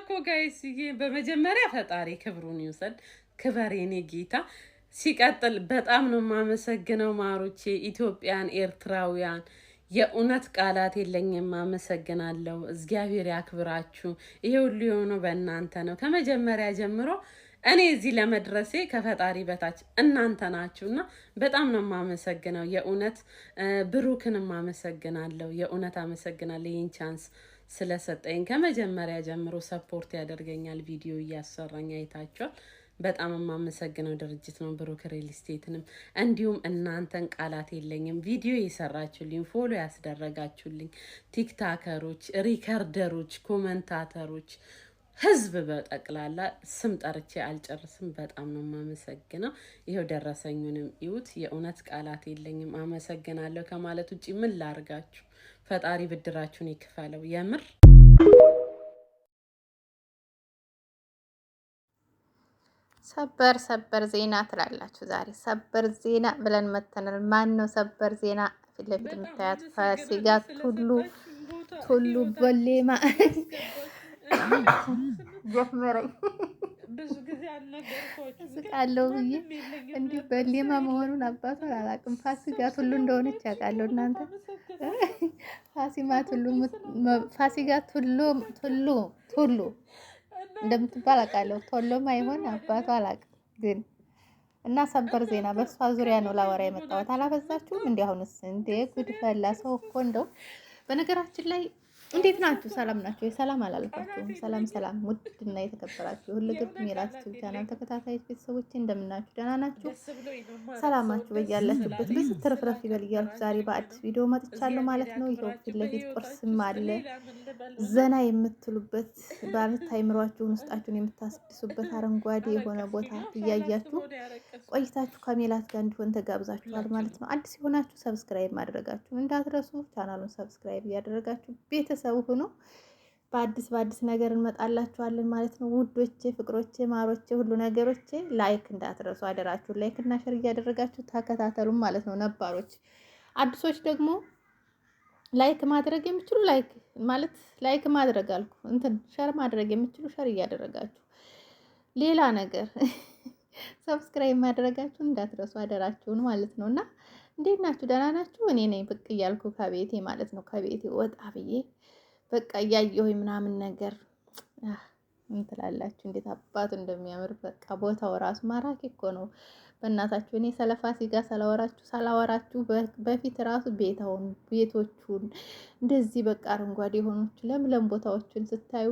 እኮ ጋይስ በመጀመሪያ ፈጣሪ ክብሩን ይውሰድ። ክበር የኔ ጌታ። ሲቀጥል በጣም ነው የማመሰግነው ማሮቼ፣ ኢትዮጵያን፣ ኤርትራውያን የእውነት ቃላት የለኝም። አመሰግናለሁ። እግዚአብሔር ያክብራችሁ። ይሄ ሁሉ የሆነው በእናንተ ነው። ከመጀመሪያ ጀምሮ እኔ እዚህ ለመድረሴ ከፈጣሪ በታች እናንተ ናችሁ እና በጣም ነው የማመሰግነው የእውነት ብሩክንም አመሰግናለሁ። የእውነት አመሰግናለሁ ይህን ቻንስ ስለሰጠኝ ከመጀመሪያ ጀምሮ ሰፖርት ያደርገኛል። ቪዲዮ እያሰራኝ አይታችኋል። በጣም የማመሰግነው ድርጅት ነው ብሩክ ሪል ስቴትንም፣ እንዲሁም እናንተን ቃላት የለኝም። ቪዲዮ የሰራችሁልኝ፣ ፎሎ ያስደረጋችሁልኝ ቲክታከሮች፣ ሪከርደሮች፣ ኮመንታተሮች፣ ህዝብ በጠቅላላ ስም ጠርቼ አልጨርስም። በጣም ነው የማመሰግነው። ይኸው ደረሰኙንም ይዩት። የእውነት ቃላት የለኝም። አመሰግናለሁ ከማለት ውጭ ምን ላርጋችሁ? ፈጣሪ ብድራችሁን ይክፈለው። የምር ሰበር ሰበር ዜና ትላላችሁ። ዛሬ ሰበር ዜና ብለን መተናል። ማን ነው ሰበር ዜና? ፊት ለፊት የምታያት ፋሲጋ ቱሉ ቱሉ ቦሌማ ጀፍመረኝ ብዙ ጊዜ አልነገርኳችሁ ስቃለሁ ብዬ እንዲሁ በሌማ መሆኑን አባቷን አላውቅም። ፋሲጋት ሁሉ እንደሆነች ያውቃለሁ። እናንተ ፋሲማት ሁሉ ፋሲጋት ሁሉ ሁሉ ሁሉ እንደምትባል አውቃለሁ። ቶሎማ ይሆን አባቷ አላውቅም ግን እና ሰበር ዜና በእሷ ዙሪያ ነው ላወራ የመጣሁት። አላበዛችሁም? እንዲ አሁንስ እንዴ ጉድ ፈላ ሰው እኮ እንደው በነገራችን ላይ እንዴት ናችሁ? ሰላም ናችሁ? የሰላም አላልፋችሁም። ሰላም ሰላም! ውድና የተከበራችሁ ሁልግብ ሚራት ዩቲዩብ ቻናል ተከታታዮች ቤተሰቦች እንደምናችሁ፣ ደህና ናችሁ? ሰላማችሁ በያላችሁበት ብዙ ትርፍረፍ ይበል እያልኩ ዛሬ በአዲስ ቪዲዮ መጥቻለሁ ማለት ነው። ይኸው ፊት ለፊት ቁርስም አለ፣ ዘና የምትሉበት ባልት አይምሯችሁን ውስጣችሁን የምታስድሱበት አረንጓዴ የሆነ ቦታ እያያችሁ ቆይታችሁ ከሜላት ጋር እንዲሆን ተጋብዛችኋል ማለት ነው። አዲስ የሆናችሁ ሰብስክራይብ ማድረጋችሁን እንዳትረሱ፣ ቻናሉን ሰብስክራይብ እያደረጋችሁ ቤተሰብ ቤተሰብ ሁኑ። በአዲስ በአዲስ ነገር እንመጣላችኋለን ማለት ነው ውዶቼ፣ ፍቅሮቼ፣ ማሮቼ፣ ሁሉ ነገሮቼ። ላይክ እንዳትረሱ አደራችሁ። ላይክ እና ሸር እያደረጋችሁ ተከታተሉም ማለት ነው። ነባሮች፣ አዲሶች ደግሞ ላይክ ማድረግ የምችሉ ላይክ ማለት ላይክ ማድረግ አልኩ እንትን ሸር ማድረግ የምችሉ ሸር እያደረጋችሁ ሌላ ነገር ሰብስክራይብ ማድረጋችሁ እንዳትረሱ አደራችሁን ማለት ነው እና እንዴት ናችሁ? ደህና ናችሁ? እኔ ነኝ ብቅ እያልኩ ከቤቴ ማለት ነው ከቤቴ ወጣ ብዬ በቃ እያየሁ ምናምን ነገር እንትላላችሁ እንዴት አባቱ እንደሚያምር በቃ ቦታው ራሱ ማራኪ እኮ ነው። በእናታችሁ እኔ ሰለፋሲጋ ሳላወራችሁ ሳላወራችሁ በፊት ራሱ ቤታውን ቤቶቹን እንደዚህ በቃ አረንጓዴ የሆኖች ለምለም ቦታዎችን ስታዩ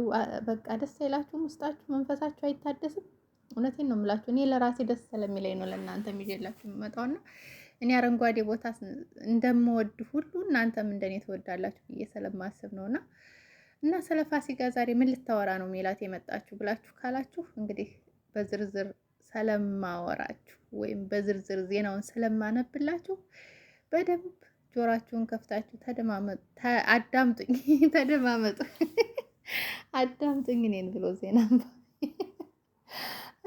በቃ ደስ አይላችሁም? ውስጣችሁ መንፈሳችሁ አይታደስም? እውነቴን ነው የምላችሁ። እኔ ለራሴ ደስ ስለሚለኝ ነው ለእናንተ ይዤላችሁ የምመጣውና እኔ አረንጓዴ ቦታ እንደምወድ ሁሉ እናንተም እንደኔ ትወዳላችሁ ብዬ ስለማስብ ነው እና እና ስለ ፋሲካ ዛሬ ምን ልታወራ ነው ሜላት የመጣችሁ ብላችሁ ካላችሁ እንግዲህ በዝርዝር ስለማወራችሁ ወይም በዝርዝር ዜናውን ስለማነብላችሁ በደንብ ጆራችሁን ከፍታችሁ ተደማመጡ፣ አዳምጡኝ፣ ተደማመጡ፣ አዳምጡኝ እኔን ብሎ ዜና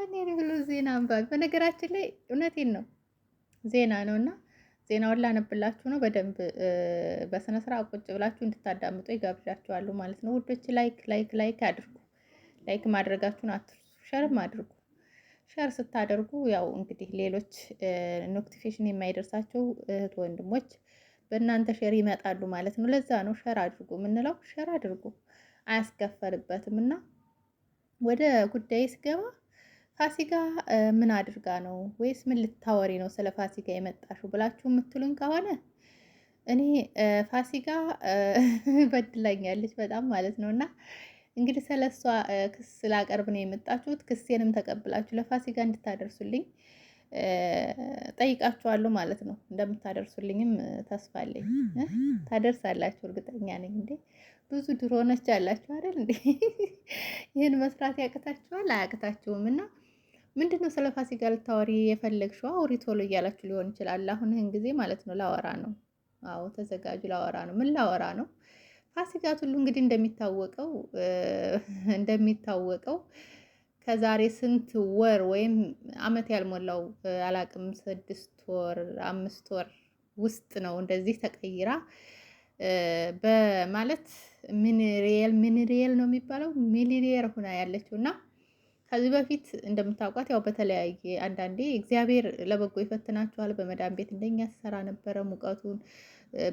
እኔን ብሎ ዜና አንባቢ። በነገራችን ላይ እውነቴን ነው ዜና ነው እና ዜናውን ላነብላችሁ ነው። በደንብ በስነ ስርዓት ቁጭ ብላችሁ እንድታዳምጡ ይጋብዣችኋለሁ ማለት ነው ውዶች። ላይክ ላይክ ላይክ አድርጉ። ላይክ ማድረጋችሁን አትርሱ። ሸርም አድርጉ። ሸር ስታደርጉ ያው እንግዲህ ሌሎች ኖቲፊኬሽን የማይደርሳቸው እህት ወንድሞች በእናንተ ሸር ይመጣሉ ማለት ነው። ለዛ ነው ሸር አድርጉ የምንለው። ሸር አድርጉ አያስከፈልበትም እና ወደ ጉዳይ ስገባ ፋሲካ ምን አድርጋ ነው ወይስ ምን ልታወሪ ነው ስለ ፋሲካ የመጣሽው ብላችሁ የምትሉኝ ከሆነ እኔ ፋሲካ በድላኛለች በጣም ማለት ነው። እና እንግዲህ ስለ እሷ ክስ ላቀርብ ነው የመጣችሁት። ክሴንም ተቀብላችሁ ለፋሲካ እንድታደርሱልኝ ጠይቃችኋለሁ ማለት ነው። እንደምታደርሱልኝም ተስፋ አለኝ። ታደርሳላችሁ እርግጠኛ ነኝ። እንዴ ብዙ ድሮኖች አላችሁ አይደል? እንዴ ይህን መስራት ያቅታችኋል? አያቅታችሁም እና ምንድን ነው ስለ ፋሲካ ልታወሪ የፈለግሽው? አውሪ ቶሎ እያላችሁ ሊሆን ይችላል። አሁን ይህን ጊዜ ማለት ነው ላወራ ነው። አዎ ተዘጋጁ፣ ላወራ ነው። ምን ላወራ ነው? ፋሲካ ቱሉ እንግዲህ እንደሚታወቀው እንደሚታወቀው ከዛሬ ስንት ወር ወይም አመት ያልሞላው አላቅም፣ ስድስት ወር አምስት ወር ውስጥ ነው እንደዚህ ተቀይራ በማለት ሚኒሪየል ሚኒሪየል ነው የሚባለው ሚሊኒየር ሁና ያለችው እና ከዚህ በፊት እንደምታውቋት ያው በተለያየ አንዳንዴ እግዚአብሔር ለበጎ ይፈትናችኋል። በመዳን ቤት እንደኛ ትሰራ ነበረ። ሙቀቱን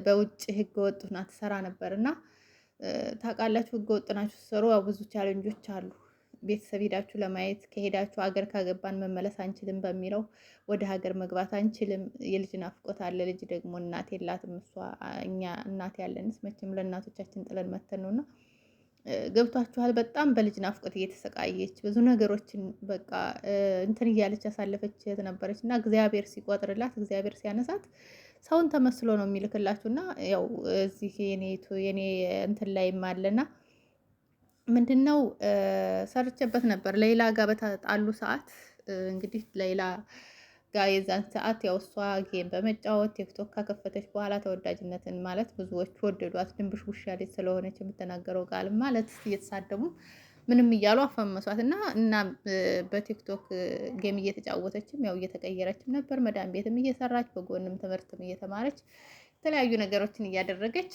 በውጭ ህገ ወጡና ትሰራ ነበር እና ታውቃላችሁ፣ ህገ ወጥ ናችሁ ትሰሩ ብዙ ቻለንጆች አሉ። ቤተሰብ ሄዳችሁ ለማየት ከሄዳችሁ አገር ካገባን መመለስ አንችልም በሚለው ወደ ሀገር መግባት አንችልም። የልጅ ናፍቆት አለ። ልጅ ደግሞ እናት የላትም እሷ እኛ እናት ያለንስ መቼም ለእናቶቻችን ጥለን መተን ነውና ገብቷችኋል። በጣም በልጅ ናፍቆት እየተሰቃየች ብዙ ነገሮችን በቃ እንትን እያለች ያሳለፈች እህት ነበረች እና እግዚአብሔር ሲቆጥርላት እግዚአብሔር ሲያነሳት ሰውን ተመስሎ ነው የሚልክላችሁ እና ያው እዚህ የኔቱ የኔ እንትን ላይም አለና ምንድን ነው ሰርቼበት ነበር። ሌላ ጋር በተጣሉ ሰዓት እንግዲህ ሌላ ጋር የዛን ሰዓት ያው እሷ ጌም በመጫወት ቲክቶክ ከከፈተች በኋላ ተወዳጅነትን ማለት ብዙዎች ወደዷት። ድንብሽ ውሻ ልጅ ስለሆነች የምትናገረው ቃል ማለት እየተሳደቡ ምንም እያሉ አፈመሷት እና እና በቲክቶክ ጌም እየተጫወተችም ያው እየተቀየረችም ነበር። መዳን ቤትም እየሰራች በጎንም ትምህርትም እየተማረች የተለያዩ ነገሮችን እያደረገች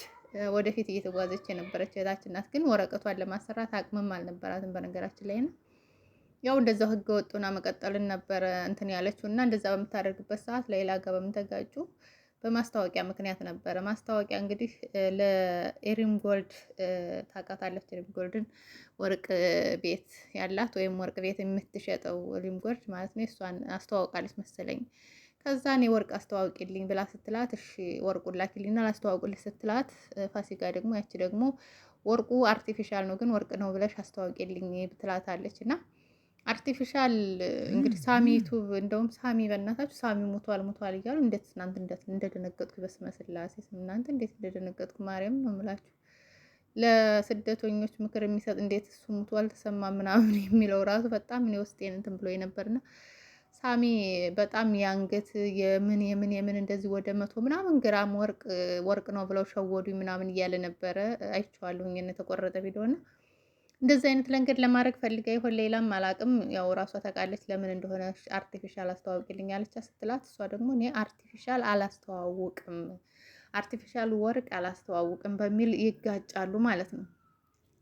ወደፊት እየተጓዘች የነበረች እህታችን ናት። ግን ወረቀቷን ለማሰራት አቅምም አልነበራትም በነገራችን ላይ ነው። ያው እንደዛው ህገ ወጡና መቀጠልን ነበረ እንትን ያለችው እና እንደዛ በምታደርግበት ሰዓት ለሌላ ጋር በምተጋጩ በማስታወቂያ ምክንያት ነበረ። ማስታወቂያ እንግዲህ ለኤሪም ጎልድ ታውቃታለች። ኤሪም ጎልድን ወርቅ ቤት ያላት ወይም ወርቅ ቤት የምትሸጠው ኤሪም ጎልድ ማለት ነው። እሷን አስተዋውቃለች መሰለኝ። ከዛ እኔ ወርቅ አስተዋውቂልኝ ብላ ስትላት፣ እሺ ወርቁ ላኪልኝና ላስተዋውቅልህ ስትላት፣ ፋሲካ ደግሞ ያቺ ደግሞ ወርቁ አርቲፊሻል ነው ግን ወርቅ ነው ብለሽ አስተዋውቂልኝ ብትላታለች እና አርቲፊሻል እንግዲህ ሳሚ ዩቱብ እንደውም ሳሚ በእናታችሁ ሳሚ ሞቷል ሞቷል እያሉ እንዴት ትናንት እንደደነገጥኩ በስመ ስላሴ እናንተ እንዴት እንደደነገጥኩ ማርያም ነው የምላችሁ። ለስደተኞች ምክር የሚሰጥ እንዴት እሱ ሙቷል ተሰማ ምናምን የሚለው ራሱ በጣም እኔ ውስጤን እንትን ብሎ የነበርና ሳሚ በጣም የአንገት የምን የምን የምን እንደዚህ ወደ መቶ ምናምን ግራም ወርቅ ወርቅ ነው ብለው ሸወዱ ምናምን እያለ ነበረ አይቼዋለሁኝ የተቆረጠ ቪዲዮ ነው። እንደዚህ አይነት ለንገድ ለማድረግ ፈልጋ ይሆን ሌላም አላቅም። ያው ራሷ ታውቃለች ለምን እንደሆነ አርቲፊሻል አስተዋውቅልኝ ያለች ስትላት፣ እሷ ደግሞ እኔ አርቲፊሻል አላስተዋውቅም፣ አርቲፊሻል ወርቅ አላስተዋውቅም በሚል ይጋጫሉ ማለት ነው።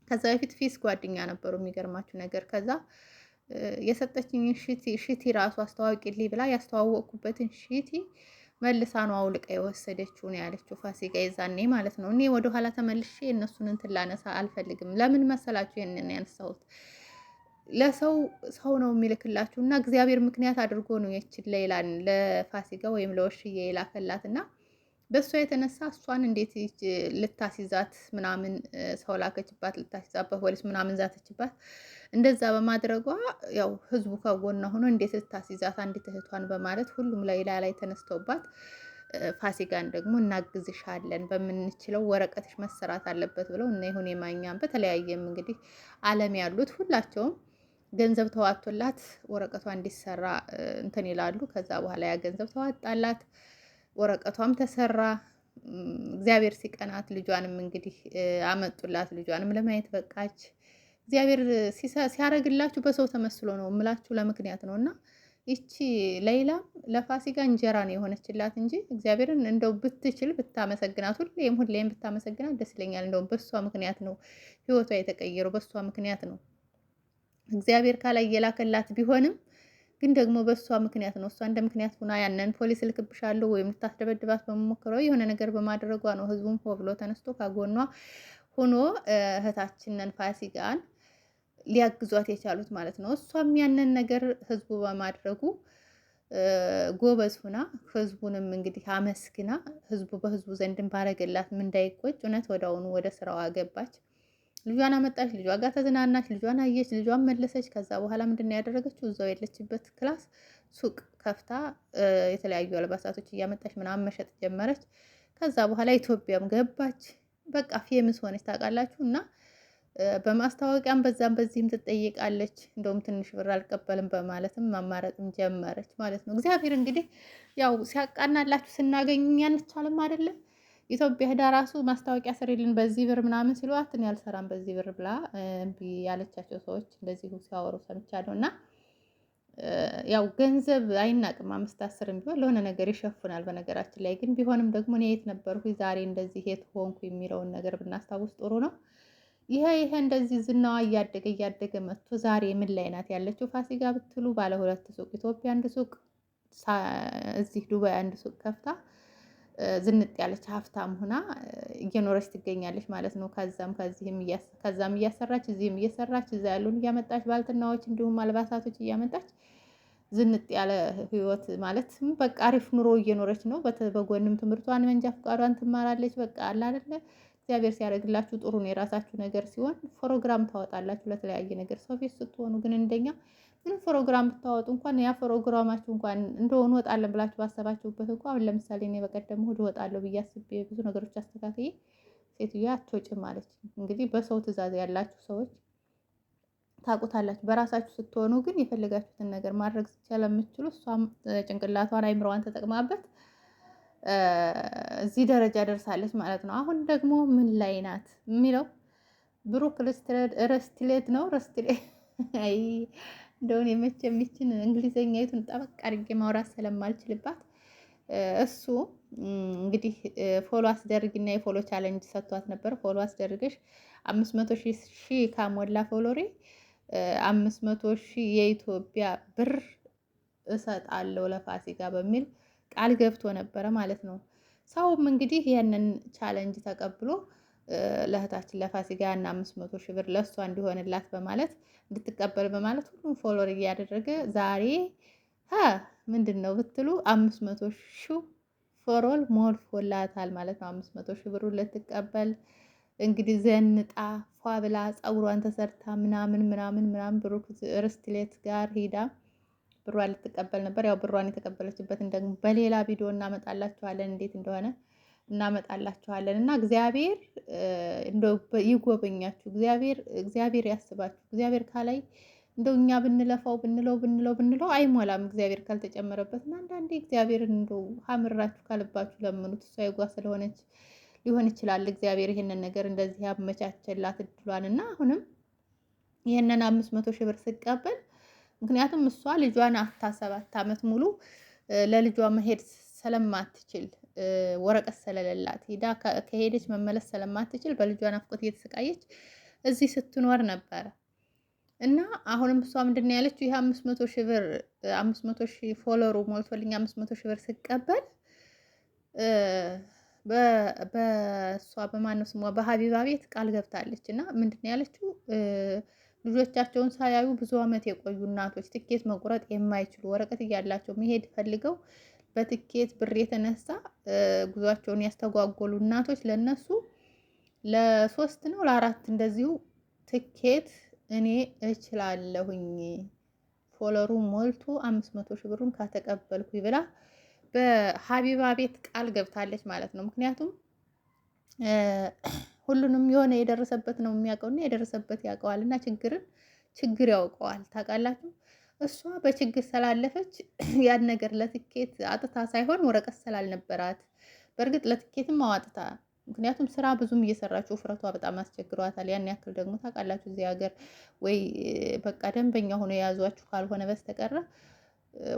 ከዛ በፊት ፊስ ጓደኛ ነበሩ የሚገርማችሁ ነገር ከዛ የሰጠችኝ ሽቲ ራሱ አስተዋውቅልኝ ብላ ያስተዋወቅኩበትን ሽቲ መልሳ ነው አውልቃ የወሰደችው ነው ያለችው ፋሲካ የዛኔ ማለት ነው። እኔ ኋላ ተመልሼ እነሱን እንትን ላነሳ አልፈልግም። ለምን መሰላችሁ ይህንን ያነሳሁት? ለሰው ሰው ነው የሚልክላችሁ እና እግዚአብሔር ምክንያት አድርጎ ነው የችን ለይላን ለፋሲካ ወይም ለወሽዬ የላከላትና በእሷ የተነሳ እሷን እንዴት ልታስይዛት ምናምን ሰው ላከችባት፣ ልታስይዛት በፖሊስ ምናምን ዛተችባት። እንደዛ በማድረጓ ያው ህዝቡ ከጎና ሆኖ እንዴት ልታስይዛት አንዲት እህቷን በማለት ሁሉም ላይ ላይ ተነስተውባት ፋሲካን ደግሞ እናግዝሻለን በምንችለው ወረቀትሽ መሰራት አለበት ብለው እና ይሁን የማኛም በተለያየም እንግዲህ ዓለም ያሉት ሁላቸውም ገንዘብ ተዋቶላት ወረቀቷ እንዲሰራ እንትን ይላሉ። ከዛ በኋላ ያ ገንዘብ ተዋጣላት። ወረቀቷም ተሰራ። እግዚአብሔር ሲቀናት ልጇንም እንግዲህ አመጡላት። ልጇንም ለማየት በቃች። እግዚአብሔር ሲያደርግላችሁ በሰው ተመስሎ ነው እምላችሁ ለምክንያት ነው እና ይቺ ለይላም ለፋሲካ እንጀራ ነው የሆነችላት እንጂ እግዚአብሔርን እንደው ብትችል ብታመሰግናት፣ ሁሌም ሁሌም ብታመሰግናት ደስ ይለኛል። እንደውም በሷ ምክንያት ነው ህይወቷ የተቀየረው፣ በሷ ምክንያት ነው እግዚአብሔር ካላየላከላት ቢሆንም ግን ደግሞ በእሷ ምክንያት ነው። እሷ እንደ ምክንያት ሁና ያንን ፖሊስ ልክብሻለሁ ወይም ልታስደበድባት በመሞክረው የሆነ ነገር በማድረጓ ነው። ህዝቡም ሆ ብሎ ተነስቶ ካጎኗ ሆኖ እህታችንን ፋሲካን ሊያግዟት የቻሉት ማለት ነው። እሷም ያንን ነገር ህዝቡ በማድረጉ ጎበዝ ሁና ህዝቡንም እንግዲህ አመስግና ህዝቡ በህዝቡ ዘንድን ባረገላት እንዳይቆጭ እውነት ወደ አሁኑ ወደ ስራዋ ገባች። ልጇን አመጣች፣ ልጇ ጋር ተዝናናች፣ ልጇን አየች፣ ልጇን መለሰች። ከዛ በኋላ ምንድን ነው ያደረገችው? እዛው የለችበት ክላስ ሱቅ ከፍታ የተለያዩ አልባሳቶች እያመጣች ምናምን መሸጥ ጀመረች። ከዛ በኋላ ኢትዮጵያም ገባች። በቃ ፌምስ ሆነች ታውቃላችሁ። እና በማስታወቂያም በዛም በዚህም ትጠይቃለች። እንደውም ትንሽ ብር አልቀበልም በማለትም ማማረጥም ጀመረች ማለት ነው። እግዚአብሔር እንግዲህ ያው ሲያቃናላችሁ ስናገኝ ያንቻልም አይደለም ኢትዮጵያ ሄዳ ራሱ ማስታወቂያ ስሪልን በዚህ ብር ምናምን ሲሉ አትን አልሰራም በዚህ ብር ብላ እምቢ ያለቻቸው ሰዎች እንደዚሁ ሲያወሩ ሰምቻለሁ። እና ያው ገንዘብ አይናቅም፣ አምስት አስርም ቢሆን ለሆነ ነገር ይሸፍናል። በነገራችን ላይ ግን ቢሆንም ደግሞ እኔ የት ነበርኩ ዛሬ እንደዚህ የት ሆንኩ የሚለውን ነገር ብናስታውስ ጥሩ ነው። ይሄ ይሄ እንደዚህ ዝናዋ እያደገ እያደገ መጥቶ ዛሬ ምን ላይ ናት ያለችው? ፋሲካ ብትሉ ባለ ሁለት ሱቅ ኢትዮጵያ አንድ ሱቅ እዚህ ዱባይ አንድ ሱቅ ከፍታ ዝንጥ ያለች ሀብታም ሁና እየኖረች ትገኛለች ማለት ነው። ከዛም ከዚህም ከዛም እያሰራች እዚህም እየሰራች እዛ ያሉን እያመጣች ባልትናዎች፣ እንዲሁም አልባሳቶች እያመጣች ዝንጥ ያለ ህይወት ማለት በቃ አሪፍ ኑሮ እየኖረች ነው። በጎንም ትምህርቷን መንጃ ፍቃዷን ትማራለች። በቃ አለ አይደለ እግዚአብሔር ሲያደርግላችሁ ጥሩ ነው የራሳችሁ ነገር ሲሆን ፕሮግራም ታወጣላችሁ ለተለያየ ነገር። ሰው ቤት ስትሆኑ ግን እንደኛ ግን ፕሮግራም ብታወጡ እንኳን ያ ፕሮግራማችሁ እንኳን እንደሆኑ ወጣለን ብላችሁ ባሰባችሁበት እንኳ አሁን ለምሳሌ እኔ በቀደም እሑድ እወጣለሁ ብዬ አስቤ ብዙ ነገሮች አስተካክዬ ሴትዮዋ አትወጭም አለች። እንግዲህ በሰው ትዕዛዝ ያላችሁ ሰዎች ታውቁታላችሁ። በራሳችሁ ስትሆኑ ግን የፈለጋችሁትን ነገር ማድረግ ስለምትችሉ እሷም ጭንቅላቷን አይምሮዋን ተጠቅማበት እዚህ ደረጃ ደርሳለች ማለት ነው። አሁን ደግሞ ምን ላይ ናት የሚለው ብሩክ ረስትሌት ነው ረስትሌት እንደውን የመቼ የሚችን እንግሊዘኛይቱን ጠበቅ አድርጌ ማውራት ስለማልችልባት እሱ እንግዲህ ፎሎ አስደርግና የፎሎ ቻለንጅ ሰጥቷት ነበር። ፎሎ አስደርግሽ አምስት መቶ ሺህ ካሞላ ፎሎሬ አምስት መቶ ሺህ የኢትዮጵያ ብር እሰጣለሁ ለፋሲካ በሚል ቃል ገብቶ ነበረ ማለት ነው። ሰውም እንግዲህ ያንን ቻለንጅ ተቀብሎ ለእህታችን ለፋሲካ እና አምስት መቶ ሺህ ብር ለእሷ እንዲሆንላት በማለት እንድትቀበል በማለት ሁሉም ፎሎር እያደረገ ዛሬ ምንድን ነው ብትሉ አምስት መቶ ሺህ ፎሮል ሞልፎላታል ማለት ነው። አምስት መቶ ሺህ ልትቀበል እንግዲህ ዘንጣ ፏ ብላ ፀጉሯን ተሰርታ ምናምን ምናምን ምናምን ብሩ ርስትሌት ጋር ሂዳ ብሯን ልትቀበል ነበር። ያው ብሯን የተቀበለችበትን ደግሞ በሌላ ቪዲዮ እናመጣላችኋለን እንዴት እንደሆነ እናመጣላችኋለን እና እግዚአብሔር እንደው ይጎበኛችሁ፣ እግዚአብሔር እግዚአብሔር ያስባችሁ። እግዚአብሔር ካላይ እንደው እኛ ብንለፋው ብንለው ብንለው ብንለው አይሞላም እግዚአብሔር ካልተጨመረበት እና አንዳንዴ እግዚአብሔርን እንደው ሀምራችሁ ካልባችሁ ለምኑት። እሷ የጓ ስለሆነች ሊሆን ይችላል እግዚአብሔር ይህንን ነገር እንደዚህ ያመቻቸላት እድሏን እና አሁንም ይህንን አምስት መቶ ሺህ ብር ስቀበል ምክንያቱም እሷ ልጇን አታ ሰባት ዓመት ሙሉ ለልጇ መሄድ ስለማትችል ወረቀት ስለሌላት ሂዳ ከሄደች መመለስ ስለማትችል በልጇ ናፍቆት እየተሰቃየች እዚህ ስትኖር ነበረ እና አሁንም እሷ ምንድን ነው ያለችው? ይህ አምስት መቶ ሺህ ብር አምስት መቶ ሺህ ፎሎሩ ሞልቶልኝ አምስት መቶ ሺህ ብር ስቀበል በእሷ በማነው ስሟ በሀቢባ ቤት ቃል ገብታለች እና ምንድን ነው ያለችው? ልጆቻቸውን ሳያዩ ብዙ ዓመት የቆዩ እናቶች ትኬት መቁረጥ የማይችሉ ወረቀት እያላቸው መሄድ ፈልገው በትኬት ብር የተነሳ ጉዟቸውን ያስተጓጎሉ እናቶች ለነሱ ለሶስት ነው ለአራት እንደዚሁ ትኬት እኔ እችላለሁኝ ፎለሩ ሞልቶ አምስት መቶ ሺህ ብሩን ካተቀበልኩ ብላ በሀቢባ ቤት ቃል ገብታለች ማለት ነው። ምክንያቱም ሁሉንም የሆነ የደረሰበት ነው የሚያውቀውና የደረሰበት ያውቀዋል እና ችግርን ችግር ያውቀዋል ታውቃላችሁ። እሷ በችግር ስላለፈች ያን ነገር ለትኬት አጥታ ሳይሆን ወረቀት ስላልነበራት፣ በእርግጥ ለትኬትም አዋጥታ ምክንያቱም ስራ ብዙም እየሰራች ውፍረቷ በጣም አስቸግሯታል። ያን ያክል ደግሞ ታውቃላችሁ፣ እዚህ ሀገር ወይ በቃ ደንበኛ ሆኖ የያዟችሁ ካልሆነ በስተቀረ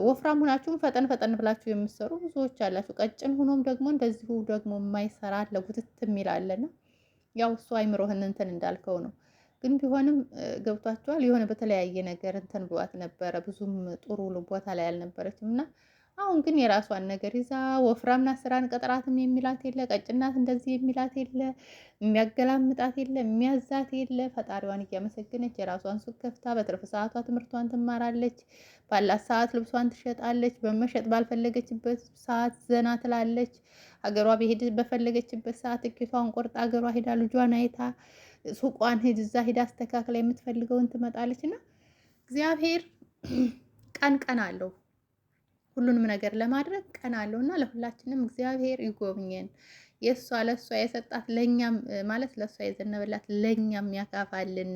ወፍራም ሆናችሁም ፈጠን ፈጠን ብላችሁ የምትሰሩ ብዙዎች አላችሁ። ቀጭን ሆኖም ደግሞ እንደዚሁ ደግሞ የማይሰራ አለ፣ ጉትት የሚል አለና ያው እሱ አይምሮህን እንትን እንዳልከው ነው። ግን ቢሆንም ገብቷቸዋል። የሆነ በተለያየ ነገር እንትን ብሏት ነበረ። ብዙም ጥሩ ቦታ ላይ አልነበረችም እና አሁን ግን የራሷን ነገር ይዛ ወፍራምና ስራን ቀጥራትም የሚላት የለ፣ ቀጭናት እንደዚህ የሚላት የለ፣ የሚያገላምጣት የለ፣ የሚያዛት የለ። ፈጣሪዋን እያመሰገነች የራሷን ሱቅ ከፍታ በትርፍ ሰዓቷ ትምህርቷን ትማራለች፣ ባላት ሰዓት ልብሷን ትሸጣለች፣ በመሸጥ ባልፈለገችበት ሰዓት ዘና ትላለች። ሀገሯ በሄድ በፈለገችበት ሰዓት ትኬቷን ቆርጣ ሀገሯ ሄዳ ልጇን አይታ ሱቋን ሂድ፣ እዛ ሂድ አስተካክላ፣ የምትፈልገውን ትመጣለች። እና እግዚአብሔር ቀን ቀን አለው ሁሉንም ነገር ለማድረግ ቀን አለው እና ለሁላችንም እግዚአብሔር ይጎብኘን። የእሷ ለእሷ የሰጣት ለእኛም ማለት ለእሷ የዘነበላት ለእኛም ያካፋልን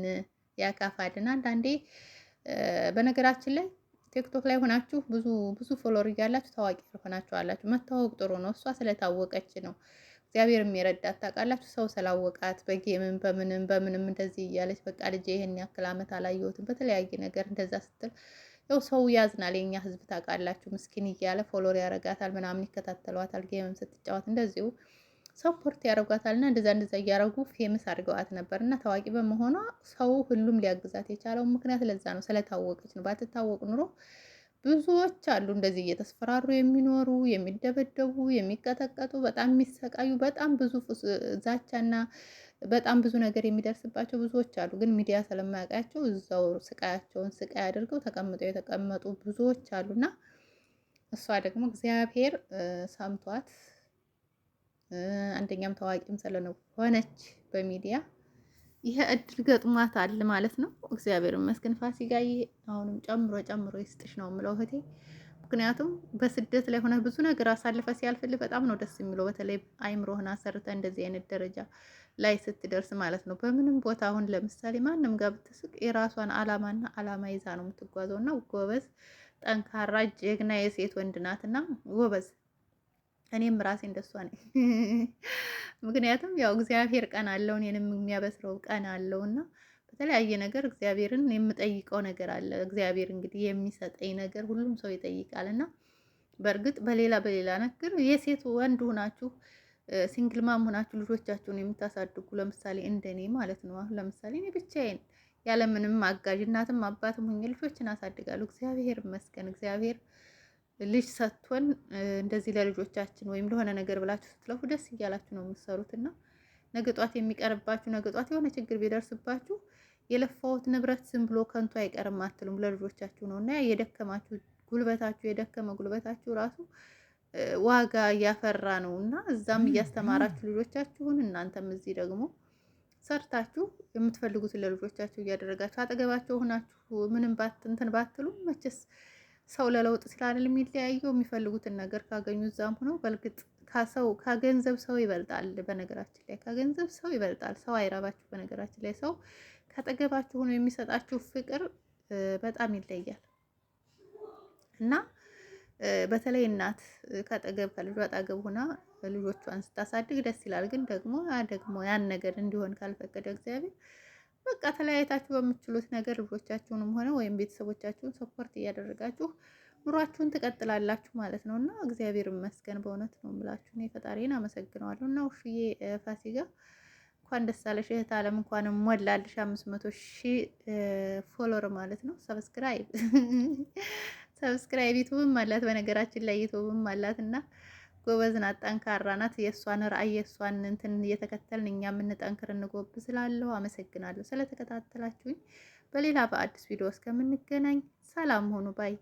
ያካፋልን። አንዳንዴ በነገራችን ላይ ቲክቶክ ላይ ሆናችሁ ብዙ ብዙ ፎሎወር እያላችሁ ታዋቂ ያልሆናችሁ አላችሁ። መታወቅ ጥሩ ነው። እሷ ስለታወቀች ነው እግዚአብሔር የሚረዳት ታውቃላችሁ። ሰው ስላወቃት በጌምም በምንም በምንም እንደዚህ እያለች በቃ ልጄ ይህን ያክል ዓመት አላየሁትም በተለያየ ነገር እንደዛ ስትል ያው ሰው ያዝናል። የኛ ህዝብ ታውቃላችሁ፣ ምስኪን እያለ ፎሎር ያረጋታል ምናምን ይከታተሏታል። ጌምም ስትጫወት እንደዚሁ ሰፖርት ያደርጓታል እና እንደዛ እንደዛ እያደረጉ ፌመስ አድርገዋት ነበር። እና ታዋቂ በመሆኗ ሰው ሁሉም ሊያግዛት የቻለው ምክንያት ለዛ ነው፣ ስለታወቀች ነው። ባትታወቅ ኑሮ ብዙዎች አሉ እንደዚህ እየተስፈራሩ የሚኖሩ የሚደበደቡ፣ የሚቀጠቀጡ፣ በጣም የሚሰቃዩ፣ በጣም ብዙ ዛቻና በጣም ብዙ ነገር የሚደርስባቸው ብዙዎች አሉ። ግን ሚዲያ ስለማያውቃቸው እዛው ስቃያቸውን ስቃይ አድርገው ተቀምጠው የተቀመጡ ብዙዎች አሉና እሷ ደግሞ እግዚአብሔር ሰምቷት አንደኛም ታዋቂም ስለሆነች በሚዲያ ይሄ እድል ገጥሟታል ማለት ነው። እግዚአብሔር ይመስገን። ፋሲካዬ አሁንም ጨምሮ ጨምሮ ይስጥሽ ነው የምለው እህቴ። ምክንያቱም በስደት ላይ ሆነ ብዙ ነገር አሳልፈ ሲያልፍልህ በጣም ነው ደስ የሚለው። በተለይ አይምሮህን አሰርተ እንደዚህ አይነት ደረጃ ላይ ስትደርስ ማለት ነው። በምንም ቦታ አሁን ለምሳሌ ማንም ጋር ብትስቅ የራሷን አላማና አላማ ይዛ ነው የምትጓዘው። እና ጎበዝ፣ ጠንካራ፣ ጀግና የሴት ወንድ ናትና ጎበዝ እኔም ራሴ እንደሷ ነኝ። ምክንያቱም ያው እግዚአብሔር ቀን አለው እኔንም የሚያበስረው ቀን አለው እና በተለያየ ነገር እግዚአብሔርን የምጠይቀው ነገር አለ። እግዚአብሔር እንግዲህ የሚሰጠኝ ነገር ሁሉም ሰው ይጠይቃል እና በእርግጥ በሌላ በሌላ ነገር የሴት ወንድ ሆናችሁ ሲንግል ማም ሆናችሁ ልጆቻችሁን የምታሳድጉ ለምሳሌ እንደኔ ማለት ነው። አሁን ለምሳሌ እኔ ብቻዬን ያለምንም አጋዥ እናትም አባትም ሁኜ ልጆችን አሳድጋለሁ። እግዚአብሔር ይመስገን እግዚአብሔር ልጅ ሰጥቶን እንደዚህ ለልጆቻችን ወይም ለሆነ ነገር ብላችሁ ስትለፉ ደስ እያላችሁ ነው የምትሰሩትና ነገ ጧት የሚቀርባችሁ ነገ ጧት የሆነ ችግር ቢደርስባችሁ የለፋሁት ንብረት ዝም ብሎ ከንቱ አይቀርም አትሉም፣ ለልጆቻችሁ ነው እና የደከማችሁ ጉልበታችሁ የደከመ ጉልበታችሁ ራሱ ዋጋ እያፈራ ነው እና እዛም እያስተማራችሁ ልጆቻችሁን እናንተም እዚህ ደግሞ ሰርታችሁ የምትፈልጉትን ለልጆቻችሁ እያደረጋችሁ አጠገባቸው ሆናችሁ ምንም ባትንትን ባትሉም መቼስ ሰው ለለውጥ ስላለ የሚለያየው የሚፈልጉትን ነገር ካገኙ እዛም ሆነው በእርግጥ ከሰው ከገንዘብ ሰው ይበልጣል። በነገራችን ላይ ከገንዘብ ሰው ይበልጣል። ሰው አይራባችሁ። በነገራችን ላይ ሰው ከጠገባችሁ ሆኖ የሚሰጣችሁ ፍቅር በጣም ይለያል እና በተለይ እናት ከጠገብ ከልጇ አጠገብ ሆና ልጆቿን ስታሳድግ ደስ ይላል። ግን ደግሞ ደግሞ ያን ነገር እንዲሆን ካልፈቀደ እግዚአብሔር በቃ ተለያይታችሁ በምትችሉት ነገር ልጆቻችሁንም ሆነ ወይም ቤተሰቦቻችሁን ሰፖርት እያደረጋችሁ ኑሯችሁን ትቀጥላላችሁ ማለት ነው እና እግዚአብሔር ይመስገን በእውነት ነው የምላችሁ። እኔ ፈጣሪን አመሰግነዋለሁ። እና ውሽዬ ፋሲጋ እንኳን ደስ አለሽ እህት አለም እንኳንም ሞላልሽ አምስት መቶ ሺህ ፎሎወር ማለት ነው ሰብስክራይብ ሰብስክራይብ ዩቱብም አላት በነገራችን ላይ ዩቱብም አላት እና ጎበዝ ናት፣ ጠንካራ ናት። የእሷን ራዕይ የእሷን እንትን እየተከተልን እኛ የምንጠንክር እንጎብ ስላለሁ አመሰግናለሁ ስለተከታተላችሁኝ። በሌላ በአዲስ ቪዲዮ እስከምንገናኝ ሰላም ሆኑ ባይ